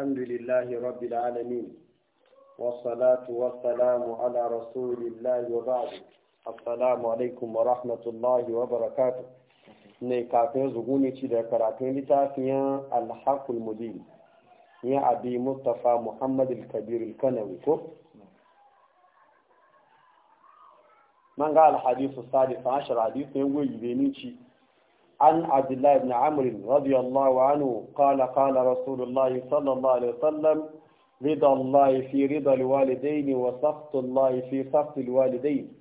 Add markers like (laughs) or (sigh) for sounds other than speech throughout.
الحمد لله رب العالمين والصلاة والسلام على رسول الله وبعد السلام عليكم ورحمة الله وبركاته ne kafin zuguni ci da karatun littafin alhaqul mubin ya abi mustafa muhammad al-kabir al-kanawi ko manga al-hadith as-sadif ashar hadith ne goyi be ni ci عن عبد الله بن عمرو رضي الله عنه قال قال رسول الله صلى الله عليه وسلم رضا الله في رضا الوالدين وسخط الله في سخط الوالدين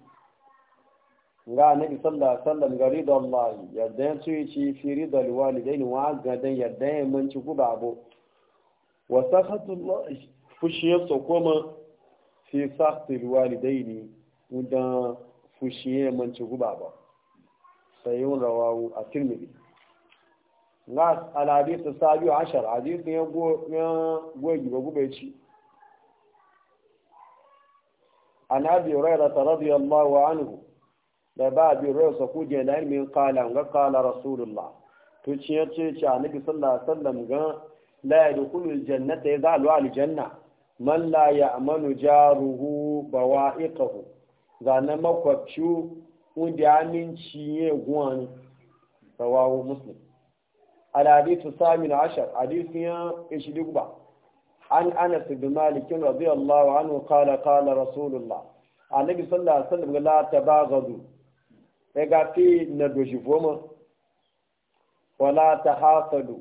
غا النبي صلى الله عليه وسلم رضا الله يدين شيء في رضا الوالدين وعن يدين من شكو بابو وسخط الله فشي سكوما في سخط الوالدين ودا فشي من شكو بابو sayin rawawu a tirmidhi nas alhadisu sabiu ashar hadisu ya goyi ga gubeci an abi hurairata radiyallahu anhu da ba abi hurairata ku je da ilmin qala ga Kala rasulullah to ce ya ce ce annabi sallallahu alaihi wasallam ga la yadkhulul jannata yazalu al janna man la ya'manu jaruhu Ikahu, zanan makwabciu wadda ya minci ya guwan rawawo muslim al-hadithu samin ashar hadithu ya ishi dugba an anas bin malik radiyallahu anhu qala qala rasulullah annabi sallallahu alaihi wasallam la tabaghadu ega fi na doji goma. wala ta tahasadu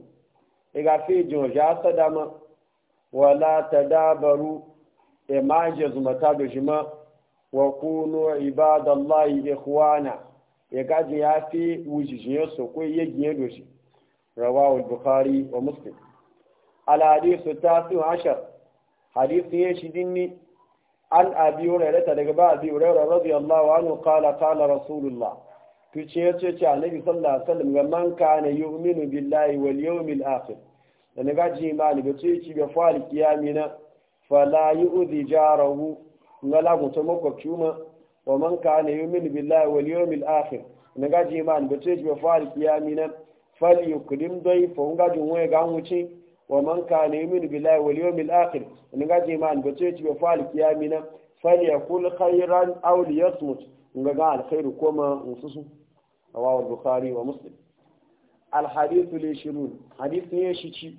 ega fi jonja sadama wala ta tadabaru e maje zumata ma. وكونوا عباد الله إخوانا يقعد يأتي وجيجين سوكوي يجين دوشي رواه البخاري ومسلم على حديث التاسع عشر حديث يشدني عن أبي هريرة لقباء أبي هريرة رضي الله عنه قال قال رسول الله تشيرتش عن النبي صلى الله عليه وسلم من كان يؤمن بالله واليوم الآخر لأن قاعد جيماني بتشيرتش بفعل قيامنا فلا يؤذي جاره nga lagun to makwabci ma wa man kana yu'minu billahi wal mil akhir na gaji iman ba ce ba fa'al kiyami Fali fal yukrim dai fa nga jin waye ga wuce wa man yi min billa wal yawmil akhir na gaji iman ba ce ba fa'al kiyami nan fal yakul khairan aw liyasmut nga ga alkhairu kuma mususu rawahu bukhari wa muslim al hadithu li shirun hadithu ne shi ci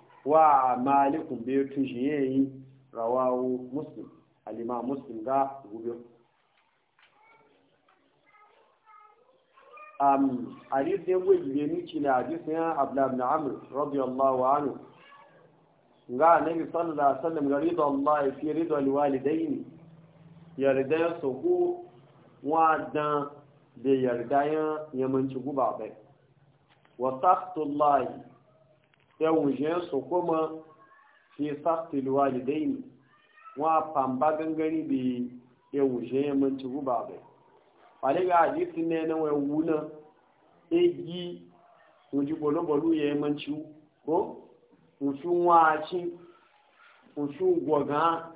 wa maliku bai tushe yayi rawawu muslim alima muslim ga gobe um hadith ne wai ne ni ci na hadith ne abla ibn amr radiyallahu anhu ga nabi sallallahu alaihi wasallam ga ridha allah fi ridha alwalidaini yarda su ku dan da yarda yan yamanci guba bai wa taqtullahi ya wujen su kuma fi saktil walidaini wa pamba gangari bi e ya wujen ya manci guba bai wale ga hadisi ne na wai wuna egi wuji bolobolu ya yi manci ko wucin waci wucin gwaga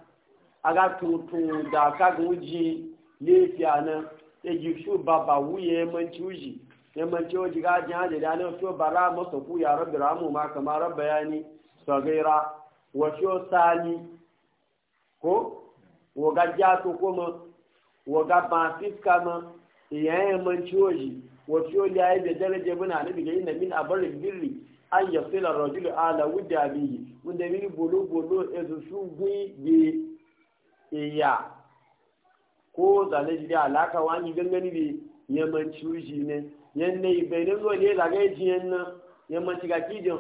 aga tuntun da kagun ji lefiya nan egi su baba wuye manci wuji yamman cewa jiga jiya da danin so bara masa ku ya rabbi ramu ma kamar rabba yani sagaira wa sho sani ko wa gajja to kuma wa ga ba fiska ma iyan yamman cewa ji wa ya yi da daraje muna nabi ga inna min abarri birri an yasila rajulu ala wudabihi wanda mini bolo bolo ezu su gui bi iya ko zane jide alaka wani gangani bi yamman ciwo ne yenne ibere zo ne daga yaji na ye ma ti ga ya ji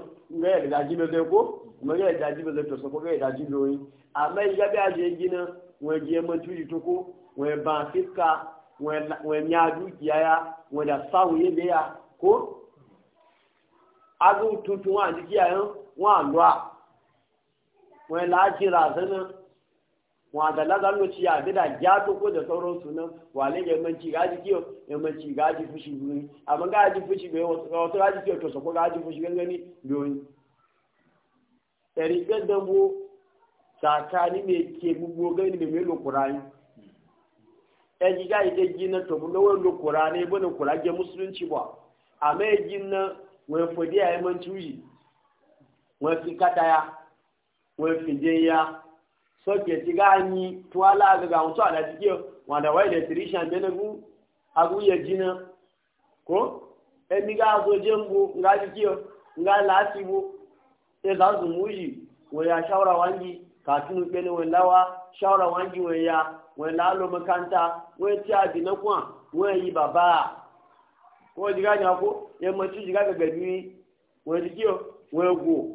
jibe de ko mo ga ya ji jibe de to so ko ga ya da jibe wani amma in ga a je gina wani ma man yi to ko wani ba fiska wani ya ji ya wani da ye de ya ko azu tu wa jikiya yan wa lwa wani lajira na. wanda lazar lo ciya bida jato ko da sauran sunan wale ga yamanci gaji kiyo yamanci gaji fushi guri amma gaji fushi bai wasu gaji kiyo to sako gaji fushi gangani biyoyi ɗari ɗan dambo tsakani mai ke gbogbo gani da mai lokurani ɗan giga ita gina to mu bu lawar lokurani ba da kurage musulunci ba amma ya gina wani fadi a yamanci wuyi wani fi kataya wani fi ya soke ti gani tuwala ga ga mutu ala jike wanda wai da tirishan da gu agu ya jina ko e mi ga je mbu nga jike nga lasibu e za su muji wa ya shawara wangi ka tunu pele wa lawa shawara wangi wa ya wa lalo makanta wa ti adina kwa wa yi baba ko jiga nya ko e mo ti jiga ga gani wa jike wa go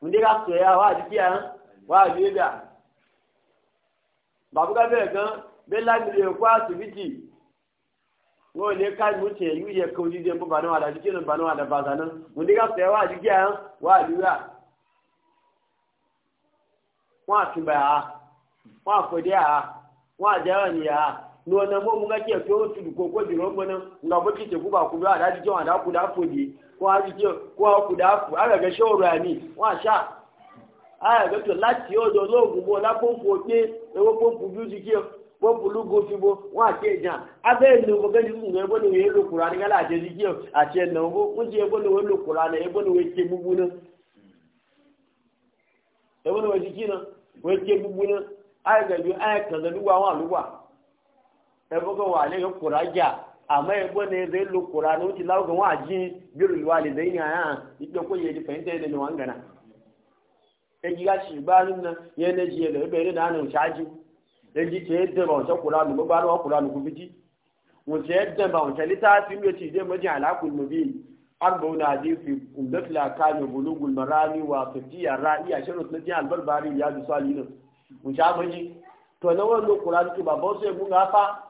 mun dai ka soya wa ji kiya wa ji da babu ka bẹ̀rẹ̀ gan bẹ́ẹ̀ lágbèrè ẹ̀kọ́ àsìbìtì wọ́n lè ká ko tẹ̀ yú yẹ kó jíjẹ bó bàánú àdájú kí ló ba àdàbàzà náà mun dai ka soya wa ji kiya wa ji da wọ́n àtúbà yà wọ́n àfọ̀dé yà wọ́n àjẹrò ni yà ní ọ̀nà mọ́ mú ká kí ẹ̀kọ́ ó ti dùkọ́ kó jùlọ gbọ́ná ńgbà bó ti tẹ̀kú bà kú da ku da àdákú dáfòdì wọ́n á rí kí wọ́n á kú dáa kú àgàgẹ́ ṣé ọ̀rọ̀ àmì wọ́n a ṣá àgàgẹ́ tó láti ọ̀dọ̀ olóògùn bó ọ̀dà pọ́ǹpù òkè ewé pọ́ǹpù bí ó ti kí wọ́n pùlú go fi bo wọ́n àti ẹ̀jà abẹ́ ìlú gbọ́gẹ́ ní ìgbìmọ̀ ẹgbẹ́ na amma ya gwane zai lukura na wuce lagun waji birin wali zai ya yan ikpe ko yaji fahimta yadda wani gana ya ji ya shi ba nan ya na ji ya da ibe da hannun shaji ya ji ce yadda ba wancan kura nu ba wa kura nu kubiti wace yadda ba wancan littafin ya ce zai maji halakun mu biyu an bauna hadisi umdat la kana bulugul marami mun ba mun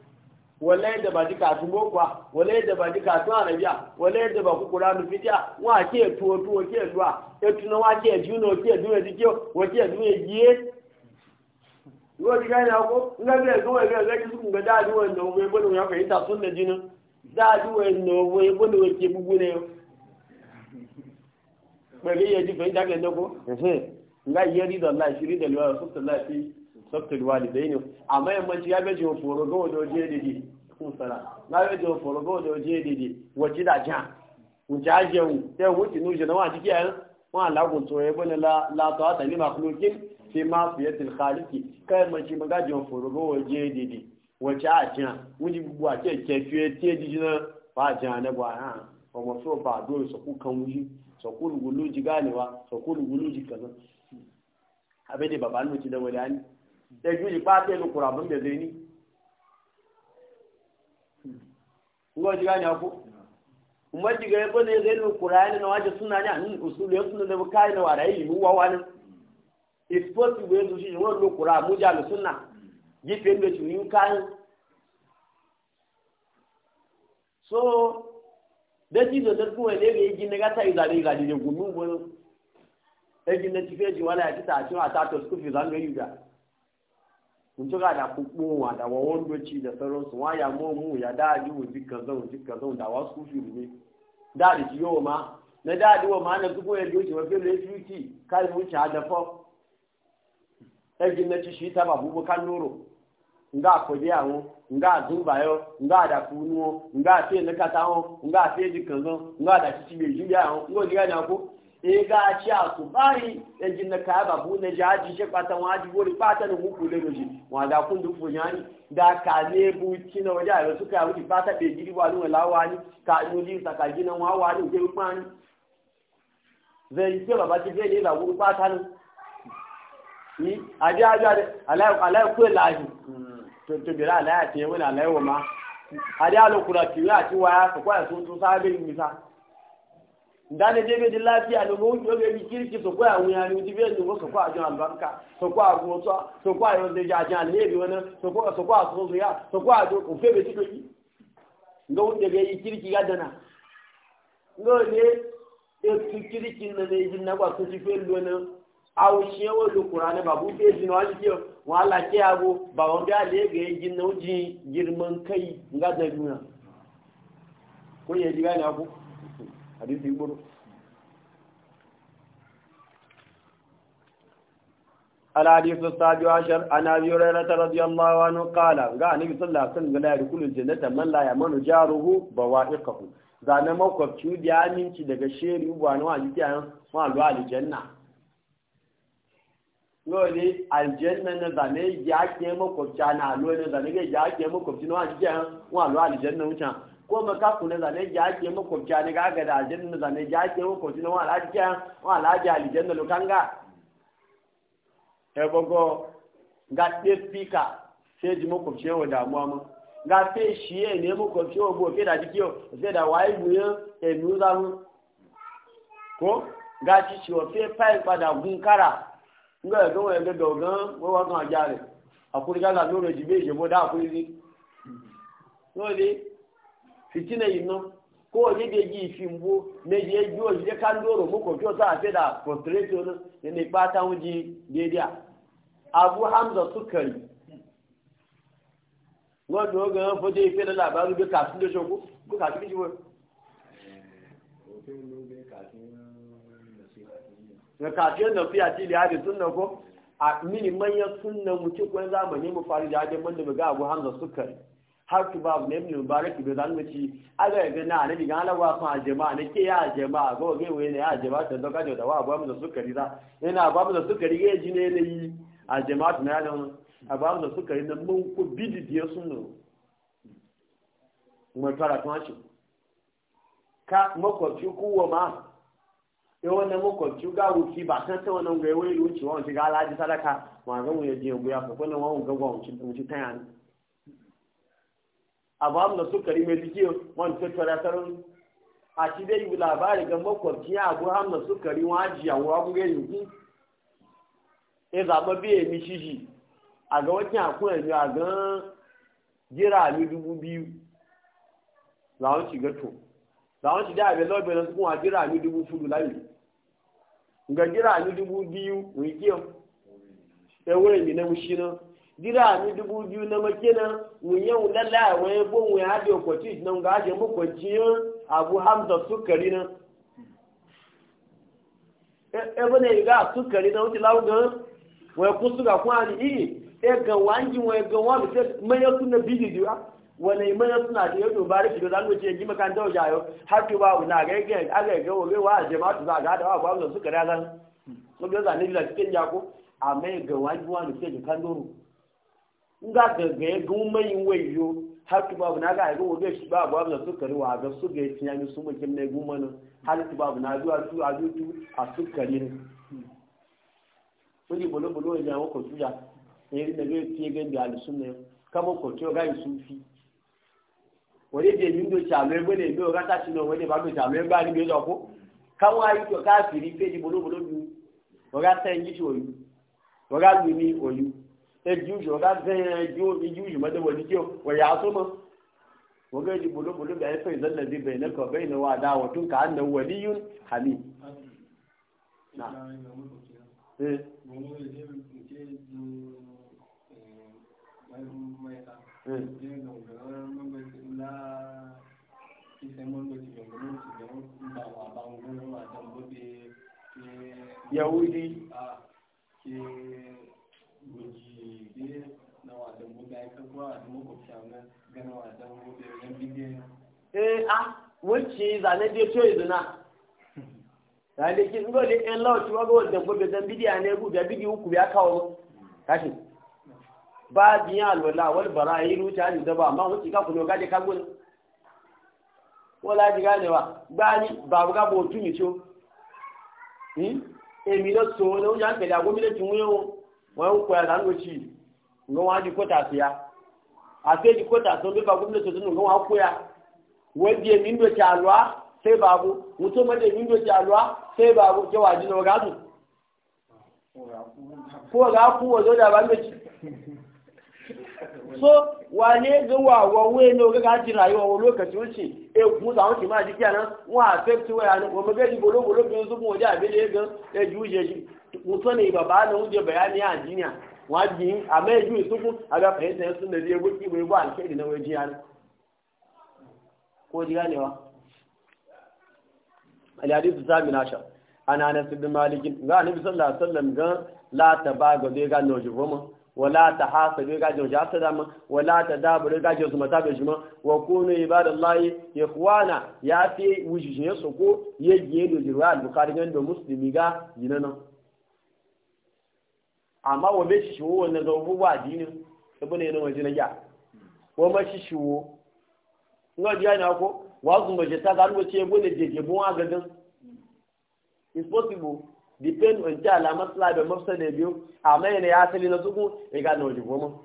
wala yadda ba ji katun bokwa wala yadda ba ji katun arabiya wala yadda ba kukura mu fitiya wa ke tuwo tuwo ke zuwa e tuna wa ke juna wa ke duwa dike wa ke duwa giye ruwa ji gani ako nga bi ko wa ga ga su kun ga da duwa no we bodo ya fa ita da jinu da duwa no we bodo we ke bugu ne yo ba ga ye ji fa ita ga ndoko mhm. nga yeri da Allah shiri da Allah subhanahu wa ta'ala sabtul walidaini amma yammanci ya beje wa foro ga wajen waje dede kusara na beje wa foro ga wajen waje dede waje da jan wuce ajiyan ta yi wuce nuje na wani jikiya wani lagun tsoye ya bane latawa ta lima kulokin sai ma fiye tilhaliki kayan manci magajin wa foro ga waje dede wace ajiyan wani buwa ke kefiye te jijina ba ajiyan na ba ha ba maso ba dole su kukan wuji su kulu guluji ganewa su kulu guluji kaza abin da babalu ci da wani ẹjú ìpá tẹ́lu kùrà bó ń bẹ̀rẹ̀ ní ngọ́ jíga ní ọkú mọ́ jíga ẹgbẹ́ ní na wájú suna ní àní òsúlù ẹ̀ súnà lẹ́wọ́ káyìn náà wàrà yìí wúwá wá ní ìfọ́sì wẹ́ẹ́ tó ṣe ìwọ́n ló kùrà àmújà lù súnà yìí fẹ́ lè tù yín so dẹ́tí ìdọ̀tẹ́ fún ẹ̀ ga igi nígbàtà ìzàlẹ̀ ìzàlẹ̀ ìdẹ̀gùn mú wọn ẹ̀jìn náà ti fẹ́ jù wọn láyà títà àti wọn kuntuna da kukunwa da wawon doci da sauransu waya momu ya daji wuji kaza wuji kaza da wasu firu ne da da ciyo ma na da da ma na zuko ya doci wa filo ya fiuti kai wuce ha da fo egin na ci shi ta babu bukan noro nga kodi awon nga zumba yo nga da kunu nga te na kata won nga te di kaza nga da ci ci be jiya awon ngo diga na ko sai ga ci a su bari yanzu na kaya babu na ji haji shi kwata wa haji gori kwata da muku da doshi wa da kun duk bunyani da ka ne buci na waje a yau suka yi wuce fata bai giri wani wala wani ka nuli saka ginan wa wani ke kwani zai yi ce baba ci zai ne da guri kwata ne ni a ji haji alayi kuwa lahi to to bira alayi a ce wani alayi wa ma a ji alayi kura kiwi a ci waya ka kwaya sun tun sabin nisa dane dai bai lafiya da mun yobe bi kirki to ko awun ya ni bi ne ko ko ajan albanka to ko agun to to ko ayo de ajan alheri ya to ko ajo ko fe be tito yi ngo de be kirki ya dana e tu na ne jin na ko so fe lo na awu shi wo qur'an ba bu be jin wa ji wa la ke abu ba won ga jin na uji girman kai nga da duna ko ye diga na ku hadisi guru الحديث السابع عشر عن ابي هريره رضي الله ga قال قال النبي صلى الله عليه وسلم لا يدخل الجنه manu jaruhu ba wa بوائقه zane makwabci da minci daga sheri ubuwa na aljanna lori aljanna na zane ya ke makwabci na alo zane ga ya ke makwabci na wajen aljanna wucin ko ba ka kuna zane ja ake makwabta ne ga ga da aljanna zane ja ake makwabta ne wa alajiya wa alajiya e eh, bogo ga te pika sai ji makwabce wa damuwa mu ga te shiye ne makwabce wa bo ke da jikiyo sai da wayi buye e nuza mu ko ga ci ci wa fe file pada gunkara nga ga wa ga dogan wa wa akuri ga la je mo da akuri ni no le fitina yino ko yi de ji fimbo ne de jo je kan doro mu ko jo ta fe da portrait on ne ne ba ta wuji de dia abu hamza sukari ngo do ga fo de fe ba labaru de kasu de shoku ko ka ti ji wo na kafin fi fiya ci da yadda sunna ko a mini manya sunna mu ci kwan zamani mu fari da yadda mun da ga abu hamza sukari har ki babu ne ibn mubarak bi zan mace aga ga na ne diga alawa fa jama'a ne ke ya jama'a go ge we ne ya jama'a ta doka da wa ba mu da sukari da ina ba mu da sukari ge ji ne ne yi a jama'a na nan a ba mu da sukari da mun ku bidi diye sun no mu fara tun shi ka makwabci kuwa ma yau wannan makwabci ga wuki ba kan sai wannan ga wai wuci wa wuci ga alaji sadaka ma ga mu ya je ya buya ko wannan wa ga wa wuci ta yana abamu da sukari rime jike wani tattara tarun a ci dai yi labari ga makwabci ya abu hamna suka ri waji a wura kuma yanzu ya zaɓa biya mi shishi a ga wata akwai yanzu a ga jira mi dubu biyu zawon shiga to zawon shiga a belo belo su kuma jira mi dubu fudu layi ga jira mi dubu biyu wikiyo ya e wurin mi na mushi na dirami dubu biyu na makina wuyan wulalla a wani bon wuyan hadi okwaci na ga aje makwanciyar abu hamza sukari na ebe e ne ga sukari na wuce lauga wai ku suka kuma ni iri e ga wanji wai ga wani sai manya suna bidi diwa wani manya suna da yadda ba rikido da nuna ce ji ndị da wajayo har tuba wuna ga ga aga ga wa wa a za ga da wa ba mu sukari a zan ga zan da cikin jako amma ga wani sai nga gaga gun mai wayo har ki babu na ga ga wode shi babu babu su kare wa ga su ga tinya ni su kin ne gun mana har ki babu na zuwa su a zuwa a su kare ne kuli bolo bolo ya ko tuya ne da ga tiye ga da alisun ne kama ko to ga su fi wani je yin do cha me ne do ga ta shi no wani ba do cha me ba ni be do ko kan wa yi to ka firi pe di bolo bolo du wa ga ta yin shi oyu wa ga lu ni oyu ẹjú zai ọ̀gá sẹ́yìn ẹjú ìjú wa ya kí wọ́n yà á tó mọ́. wọ́n gẹ́gẹ́ bolóbolo zan fún ìlọ́lẹ̀ bí ka lẹ́kọ̀ọ́ bẹ́ẹ̀ ni wọ́n adá wọ̀ tún kàá nà wọ̀ níyún hàmì. yahudi. Ah, eh a wacce zane bai to izina zane ki ngo le en lawo ti wago da gobe dan bidiya ne gu da bidiyu ku ya kawo kashi ba biya alwala wal barayi ruta ni da ba amma wuce ka kuno gaje ka gun wala ji gane wa gbani babu ga bo tumi cho hmm èmi ló so na ń yàn pẹ̀lú ya àfẹ́jì kóta tó bí fagbọ́n lè tuntun nǹkan wá kó ya wọ́n di èmi ń dòkè àlọ́á fẹ́ bàbú mo tó mọ́ di èmi ń dòkè àlọ́á fẹ́ bàbú jẹ́ wàá jìnnà ọ̀gá dùn. kó ọ̀gá kú ọ̀dọ́ dàbá méjì. so wà ní ẹgbẹ́ wà wọ owó ẹni orí ká jìnnà bolo-bolo lókàtí ó sì egun táwọn sì máa di kí àná wọn àfẹ́ tí ba na ní wọn mọ́gẹ́dì gbólógbólógbó wajiyin a mai ju suku a ga fahimta yasu da zai gudu bai ba alkhairi na waje yana ko ji ganewa alhadis zamin ashar ana na sibbi malikin ga annabi sallallahu alaihi wasallam ga la ta ba ga zai ga noji goma wala ta hasa zai ga noji hasa da ma wala ta dabure ga su mata da shi ma wa kunu ibadallahi ikhwana ya fi wujin ya soko yayi ne da jirwa al-bukhari ga da muslimi ga yinana amma wa bai shi shiwo wannan zama bugu a dinin ibi ne yana waje na gya wa ma shi shiwo nga jiya na ko wa zun baje ta ga ruwa ce bone je je bon agadan is possible depend on ta la masla da mafsa ne biyu amma yana ya asali na zugu e ga na waje goma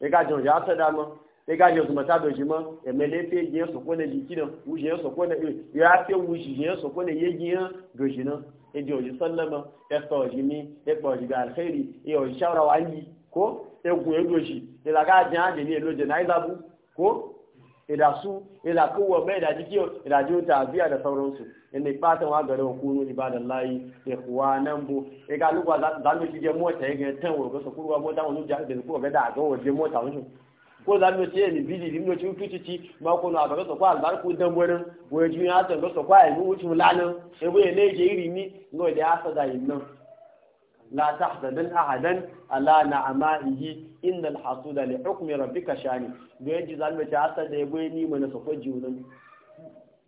e ga jon ya asada ma e ga je zuma ta do jima e me le pe je so ko ne jikina u je so ko ne ya pe u je so ko ne ye jina do eji oji sallama esta oji mi ekpa oji bi alheri e oji shawara wa yi ko egun egoshi ilaga e ajin ajin ni eloje na izabu ko ilasu ilakowa mai da jiki ilaji ta biya da sauransu inda e fatan wa garin kunu ibadan layi da kuwa nan bu e ga lugwa za mu mota ya ga tan wa ga da ga da ga ko za mu ce ni bidi dimno ci tuti ci ma ko na daga sokwa albar ko dan wani wo ji ya ta daga kwa ai mu wuce mulana e bo ne je iri ni no da asa da yin nan la tahzadan ahadan ala na'amahi innal hasuda li hukmi rabbika shani do yaji za mu ce asa da bo ni mu na sokwa junan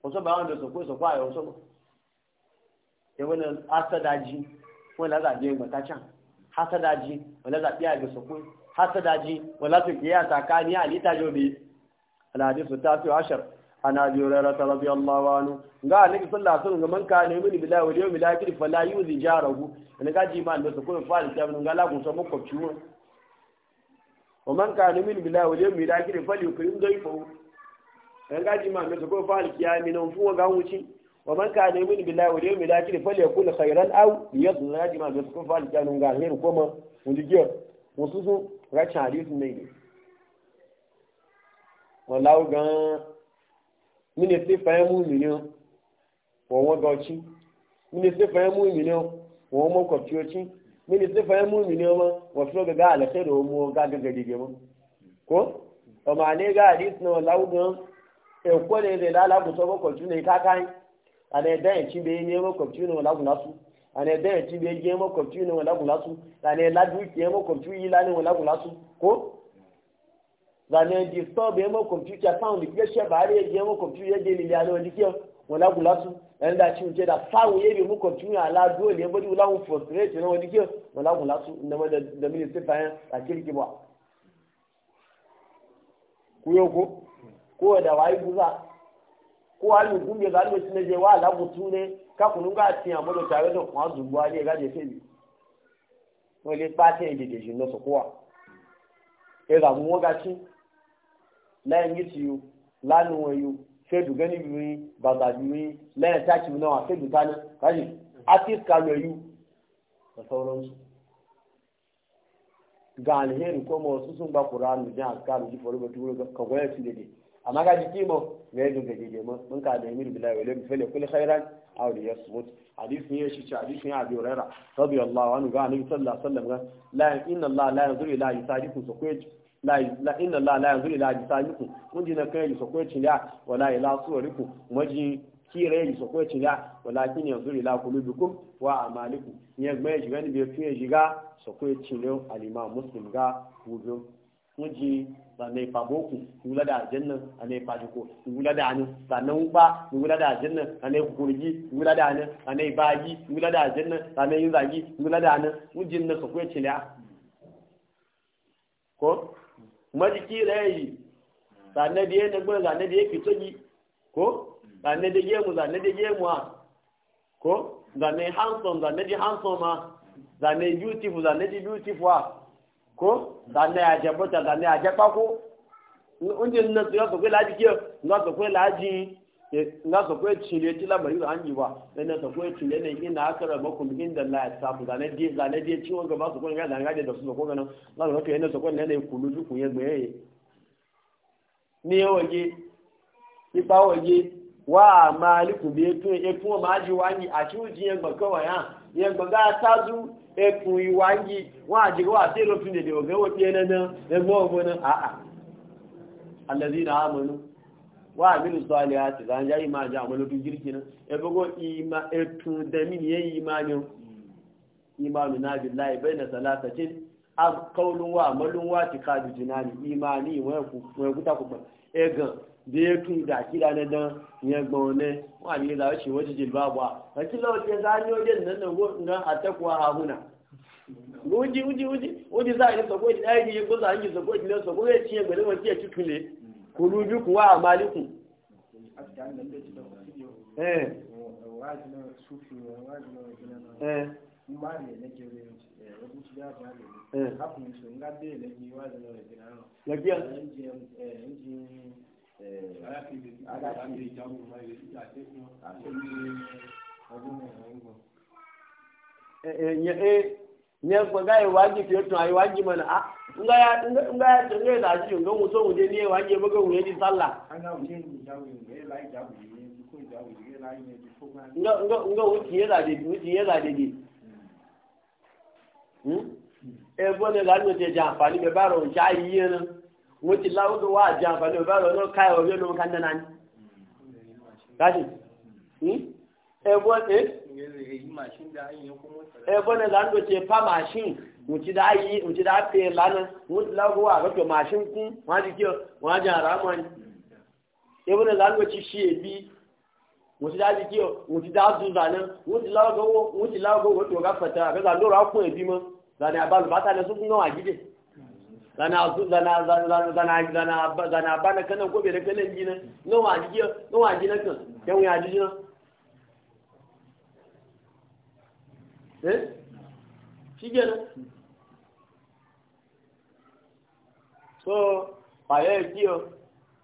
ko so ba wanda sokwa sokwa ai so e wannan asa da ji wala za je mata can hasada ji wala za biya ga sokwa hasada ji wala su kiya tsakani ali ta jobe alhadisu ta fi ashar ana bi rara rabi Allah nu ga annabi sallallahu alaihi wasallam man kana yu'minu billahi wal yawmil akhir fala yuzi jarahu an ga ji ma da su kun fara ta mun ga la kun san makwabci wa man kana yu'minu billahi wal yawmil akhir fali yukrim dayfu an ga ji ma da su kun fara kiyami nan fu ga wuci wa man kana yu'minu billahi wal fali ma da su kuma fara ga kuma rashin hadisin ne ne wallahi gan mini si fayan mu mi ne won won gauci mini si fayan mu mi ne won mo kwafiyoci mini si fayan mu mi ne ma wa filo ga alakhairu wa mu ga ga o ma ne ga hadisin wallahi gan e ko ne da la la ku so ko kwafiyoci ne ka kai ana da yin cin ane dẹ́yẹ̀ tí bí ẹjẹ́ mọ́ kọ̀tù ní wọn lágùn lásù ane ládùúkì ẹ mọ́ kọ̀tù yìí lánìí wọn lágùn lásù kó ane disturb ẹ mọ́ kọ̀tù tí a fáwọn ìgbẹ́ ṣẹ́ bàárẹ̀ ẹjẹ́ mọ́ kọ̀tù yẹ jẹ́ lílẹ̀ alẹ́ ọdíkẹ́ wọn lágùn lásù ẹni dà tí o jẹ́ dà fáwọn yẹ bí mọ́ kọ̀tù yẹn aládùú ẹ̀ bọ́dí wọn láwọn kákùnrin bá ti hàn mọ́tò tààrẹ́ dùn wọ́n dùn buhari ẹ̀ láti ṣèlú wọ́n lè pàṣẹ ìdèdè jù lọ sọ̀kọ́ wa ẹ̀rọ àwọn wọn gàtí lẹ́yìn yìí ti yọ lánàá wọn yọ fẹ́ẹ̀dù gẹ́ni yìí bàbá yìí lẹ́yìn táàkì náà fẹ́ẹ̀dù tánà káyì àti kàlọ́ yìí lọ́sọ̀rọ̀ nsọ. ga alheri ko ma wasu sun ba Qur'ani jin askaru ji faru batu ka goya su dede mun ka da aw li yasmut hadisin ya shi hadisin ya abi hurairah Allah anhu ga annabi sallallahu alaihi wasallam la inna allah la yanzuru ila yusadiku ko la inna allah na kai so ko cin wala ila suwariku maji kire yi so ko ya walakin yanzu ila wa amalikum gbe gani fiye jiga so muslim ga wuji ba mai faboku wula da ajin a mai fajiko wula da anin sannan ba wula da ajin a mai kurgi wula da anin a mai bagi wula da ajin a mai zagi wula da anin wujin ko majiki sannan da da ya yi ko sannan da gemu da gemu a ko sannan handsome sannan da handsome a sannan beautiful sannan da beautiful a ko zanne a je bota zanne a je pako unje e, na so ko la ji na to ko la ji na to ko chile ti la bari an ji ba dan na to ko chile ne ina akara makum da la ta bu zanne di zanne di ciwon gaba so ko ga zanne da su ko ga nan na to ko ne to ko ne ne kulu ju ku ye gbe ni pa o ji wa maliku bi e etun ma ji wa ni ati ji en gbo ko wa ya yẹgbọ̀gá tájú ẹkùn ìwà ń yí wọ́n àjíkọ́ àti ìlòfin èdè ọ̀gẹ́wò tí ẹnẹ́ náà ẹgbọ́ ọgbọ́nà àà na àmọ́nú wọ́n àmìlù ni bẹ́ẹ̀ tún ìdá kíra dandan yẹn gbọ̀n ọ̀nẹ́ wọ́n àti ìlà ọ̀ṣẹ̀ wọ́n ti jìlbà bọ̀ àti ìlà ọ̀ṣẹ̀ sáà ní ọjọ́ ìnáná wọn àtẹ́kù ahahuna wújí wújí wújí wújí sáà ní sọ̀kọ́ ìdí ẹ̀yìn yẹn gbọ́dọ̀ àyìn sọ̀kọ́ ìdílé sọ̀kọ́ ìdí ẹ̀yìn pẹ̀lú wọn tí ẹ̀ tuntun lè kò lu ibi kùn wá àmàlìkùn. Lọ́kíyà. nye kwaga iwaji fiye tun a iwaji e mana a nga ya nga ya da shi nga muso mu je ne waje baga mu yi sallah nga wuci ya zade wuci ya zade di E, e bone la no je ja be baro ja yi yana mo ti láwùjọ wá àjẹ àǹfààní ọba ọ̀rọ̀ náà ká ẹ̀rọ lónìí ká nánà ni. káṣí ẹ̀bọ́n ẹ̀ lánàá ṣe pa màṣín mo ti dá yí mo lánàá mo ti láwùjọ wá àrọ́jọ màṣín kún wọ́n á kí wọ́n á jẹ àrá mọ́ ni. ẹ̀bọ́n ẹ̀ lánàá ti ṣe èbí mo ti dá di kí mo ti dá dùn dáná mo ti láwùjọ wọ́n ti wọ́n ká fẹ̀tẹ̀ àbẹ́lá lóra kún èbí mọ́ lànà àbálùbátà lẹ́sùn fún náà àjídè. zana su zana zana zana zana zana ba na kanan gobe da kanan jina na waji na waji na kan yan wuya ji jina eh shi kenan so faye kiyo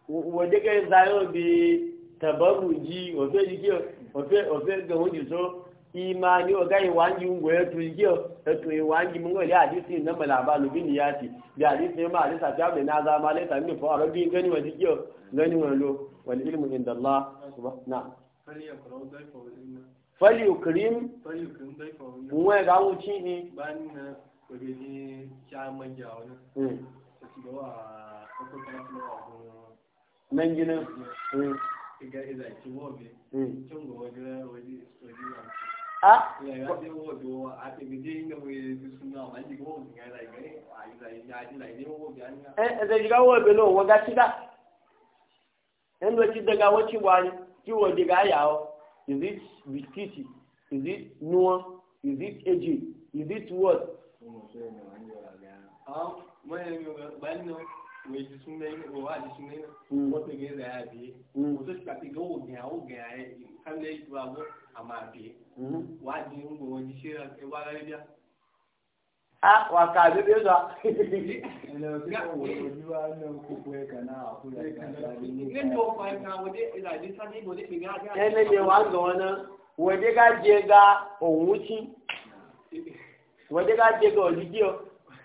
wajen kai zayo bi tabaruji ofe ji kiyo ofe ofe ga hujji so imani wa gai wangi ungo yetu igio yetu wangi mungo ya hadisi na malaba lubini yati ya hadisi ma hadisi ta me na za ma leta ni fa rabbi gani wa digio gani wa lo wal ilmu inda Allah subhanahu fali ukrim fali ukrim dai fa wa ga wuci ni ban na ko bi ni cha manja hmm. wa mm ci wa ko ta na wa nan gina mm ga ida ci wo bi mm tungo wa ga wa di wa a ẹ̀ẹ́dẹ̀jìgá wọ̀ ẹ̀bẹ̀ náà wọ́n gá sídá ẹnu is it bisikíìtì is it nuwa is is it what. ọmọ oh, mèjì súnlẹ̀ òwò àdìsúnlẹ̀ wọ́n ti gé rẹ̀ àbíyé wọ́n tó ti pàtẹ gé ògè àwògè àyè kálẹ̀ ìlú àbọ̀ àmà àbíyé wà á di ń gbọ̀ wọn jíṣẹ́ ẹ wá rẹ̀ bíà. a wà ká àbí bí ó ne ẹnlẹ́ o ti ne wò ó ní wàá ní kókó ẹ̀ kàn náà àkúrẹ́ kan láti ní. ilé tó fa ẹ̀ka wọlé ìlàjì sáté ìbòdì pè gá. ẹnlẹ́yẹ wàá ne wọn náà wọ́n dé ká jẹ ga òun tí wọ́n dé ká jẹ ga òlì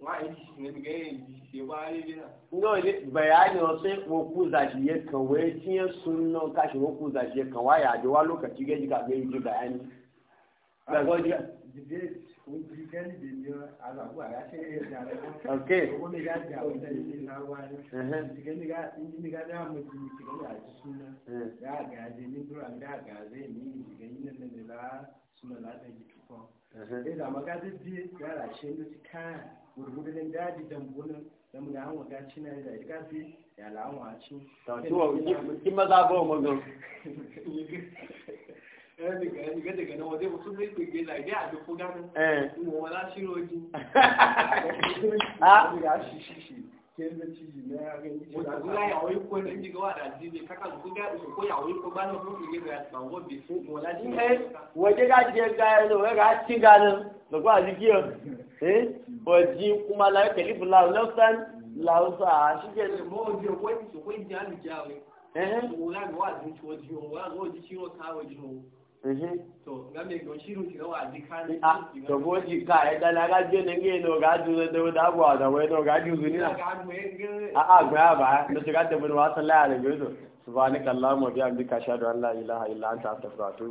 Nga ne bayani wasu woku zajiye kan wai tiye sunan kashi woku zajiye kan wa yaje wa lokaci gaji ga bai ji bayani. Ah, okay. gurgurin daji da mu ga hanwa da ikafi ya a ta kin maza ba mu ga (laughs) daga mutum da ya a duk gano eh mu wala shi roji (laughs) a ah. ya shi shi shi ken da ci ne ya ga ni da ya ko ne wa da ji ne kaka ku ga ko ya ne ga wo bi su waje ga je ga ga ci ga ba bọ̀jì kuma láyé pẹ̀lú ìfúnla a làwùsà àṣìṣe. mo ò jẹ owó ìṣe ìdí àlùjá rẹ. wò láti wà ní tí di òun wà lọ́wọ́ di tí wọ́n ká òun. gbàgbé ìgbọ̀n ṣírù tí wọ́n wà ní ti agájú ẹni gé ní ọ̀gá ju dáàbò àdàwọ̀ ẹni ọ̀gá ju àgbẹ̀ e ah, ah, àbá